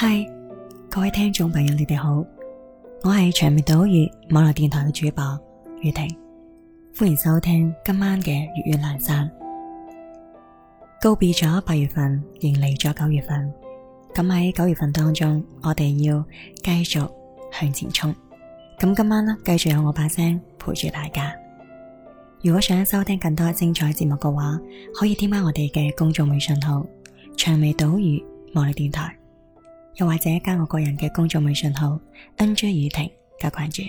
嗨，Hi, 各位聽眾朋友，你哋好，我係長尾島嶼網絡電台嘅主播雨婷，歡迎收聽今晚嘅粵語闌珊。告別咗八月份，迎嚟咗九月份。咁喺九月份當中，我哋要繼續向前衝。咁今晚咧，繼續有我把聲陪住大家。如果想收聽更多精彩節目嘅話，可以添加我哋嘅公眾微信號長尾島嶼網絡電台。又或者加我個人嘅工作微信號 N J 雨婷加關注。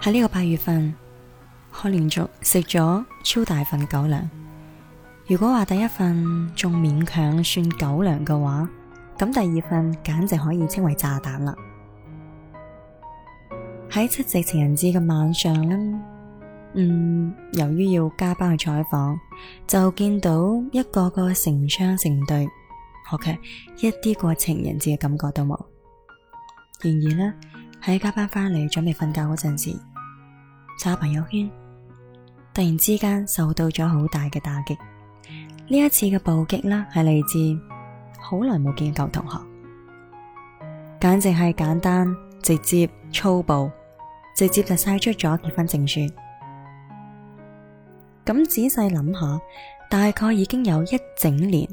喺呢個八月份，我連續食咗超大份狗糧。如果話第一份仲勉強算狗糧嘅話，咁第二份簡直可以稱為炸彈啦。喺七夕情人節嘅晚上咧，嗯，由於要加班去採訪，就見到一個個成雙成對，我、okay, 卻一啲過情人節嘅感覺都冇。然而呢，喺加班翻嚟準備瞓覺嗰陣時，刷朋友圈，突然之間受到咗好大嘅打擊。呢一次嘅暴擊啦，係嚟自好耐冇見嘅舊同學，簡直係簡單、直接、粗暴。直接就晒出咗結婚證書。咁仔細諗下，大概已經有一整年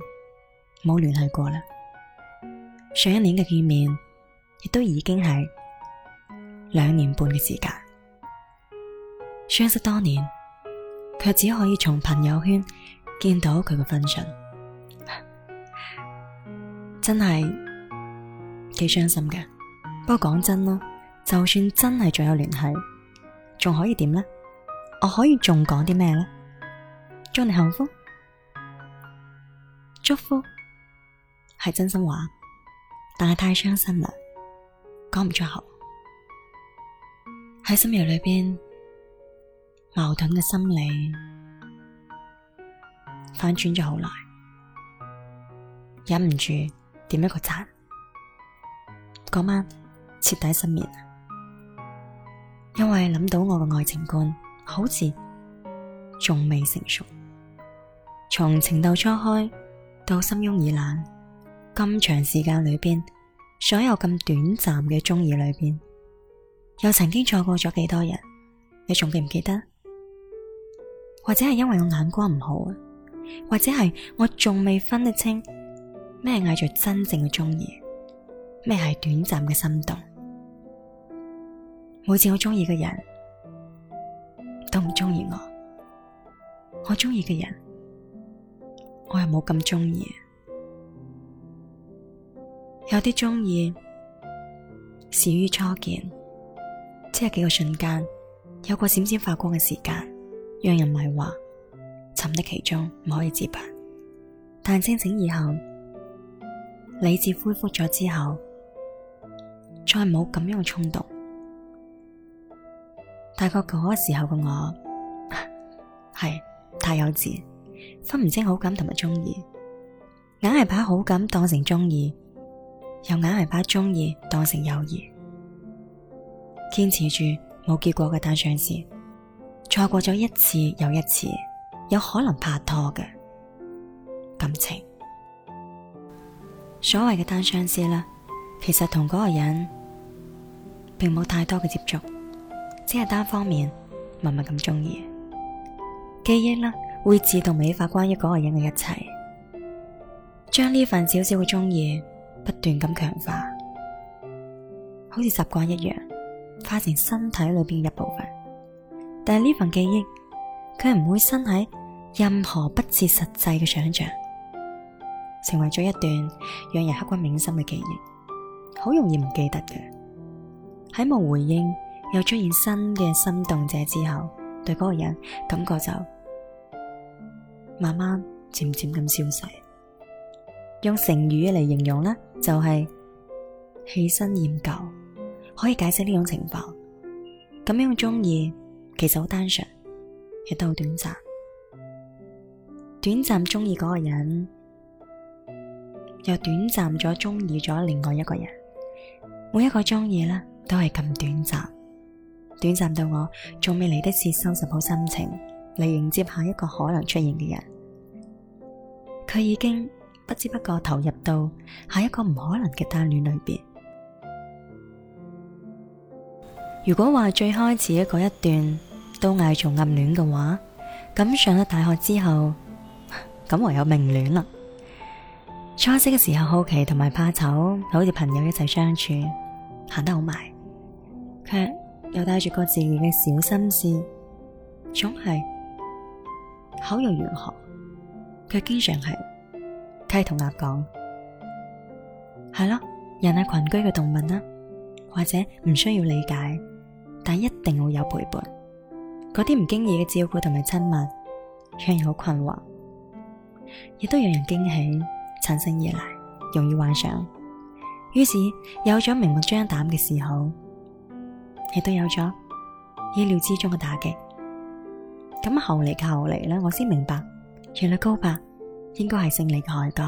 冇聯繫過啦。上一年嘅見面，亦都已經係兩年半嘅時間。相識多年，卻只可以從朋友圈見到佢嘅婚訊，真係幾傷心嘅。不過講真啦、哦。就算真係仲有聯繫，仲可以點呢？我可以仲講啲咩咧？祝你幸福，祝福係真心話，但係太傷心啦，講唔出口。喺深夜裏邊，矛盾嘅心理反轉咗好耐，忍唔住點一個讚。嗰晚徹底失眠。因為諗到我嘅愛情觀好似仲未成熟，從情竇初開到心慵意冷，咁長時間裏邊，所有咁短暫嘅中意裏邊，又曾經錯過咗幾多人？你仲記唔記得？或者係因為我眼光唔好啊？或者係我仲未分得清咩嗌做真正嘅中意，咩係短暫嘅心動？每次我中意嘅人都唔中意我，我中意嘅人我又冇咁中意，有啲中意始於初見，即係幾個瞬間，有個閃閃發光嘅時間，讓人迷惑，沉溺其中唔可以自拔。但清醒以後，理智恢復咗之後，再冇咁樣嘅衝動。大概嗰個時候嘅我係 太幼稚，分唔清好感同埋中意，硬係把好感當成中意，又硬係把中意當成友誼，堅持住冇結果嘅單相思，錯過咗一次又一次有可能拍拖嘅感情。所謂嘅單相思呢，其實同嗰個人並冇太多嘅接觸。只係單方面默默咁鍾意，記憶呢會自動美化關於嗰個人嘅一切，將呢份少少嘅鍾意不斷咁強化，好似習慣一樣，化成身體裏邊嘅一部分。但係呢份記憶，佢唔會生喺任何不切實際嘅想象，成為咗一段讓人刻骨銘心嘅記憶，好容易唔記得嘅。喺冇回應。又出現新嘅心動者之後，對嗰個人感覺就慢慢漸漸咁消逝。用成語嚟形容呢，就係、是、喜新厭舊，可以解釋呢種情況。咁樣中意其實好單純，亦都好短暫。短暫中意嗰個人，又短暫咗中意咗另外一個人。每一個中意呢，都係咁短暫。短暫到我仲未嚟得切收拾好心情嚟迎接下一個可能出現嘅人，佢已經不知不覺投入到下一個唔可能嘅單戀裏邊。如果話最開始嗰一段都嗌做暗戀嘅話，咁上咗大學之後，咁 唯有明戀啦。初識嘅時候好奇同埋怕醜，好似朋友一齊相處行得好埋，卻。又帶住個自然嘅小心思，總係口若懸河，佢經常係雞同鴨講，係咯、嗯，人係群居嘅動物啦，或者唔需要理解，但一定會有陪伴。嗰啲唔經意嘅照顧同埋親密，讓人好困惑，亦都讓人驚喜產生而來，容易幻想，於是有咗明目張膽嘅時候。」亦都有咗意料之中嘅打擊，咁後嚟嘅後嚟呢，我先明白，原來告白應該係勝利嘅號角，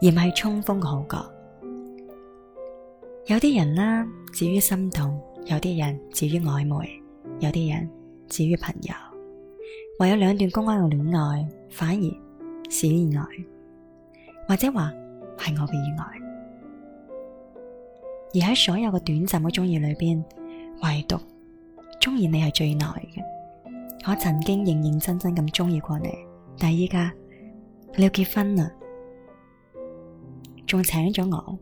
而唔係衝鋒嘅號角。有啲人啦，至於心動；有啲人至於曖昧；有啲人至於朋友。唯有兩段公開嘅戀愛，反而是意外，或者話係我嘅意外。而喺所有嘅短暫嘅中意裏邊。唯獨中意你係最耐嘅，我曾經認認真真咁中意過你，但係依家你要結婚啦，仲請咗我，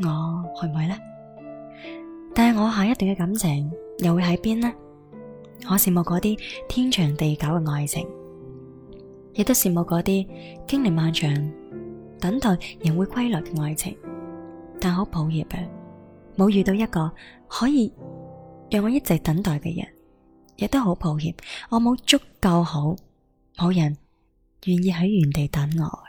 我去唔去呢？但係我下一段嘅感情又會喺邊呢？我羨慕嗰啲天長地久嘅愛情，亦都羨慕嗰啲經歷漫長等待仍會歸來嘅愛情，但好抱歉嘅。冇遇到一個可以讓我一直等待嘅人，亦都好抱歉，我冇足夠好，冇人願意喺原地等我。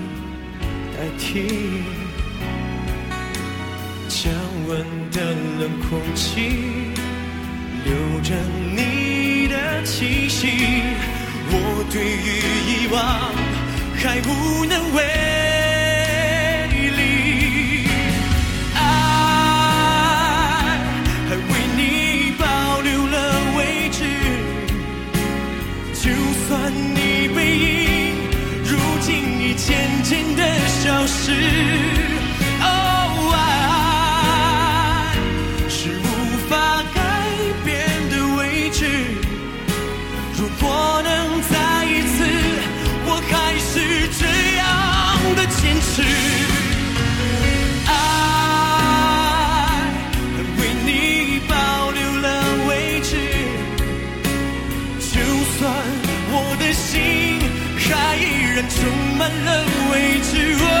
代替降温的冷空氣，留着你的氣息，我對於遺忘還無能為力。愛還為你保留了位置，就算你背影，如今已漸漸的。是、哦，愛是無法改變的位置。如果能再一次，我還是這樣的堅持。愛為你保留了位置，就算我的心還依然充滿了未知。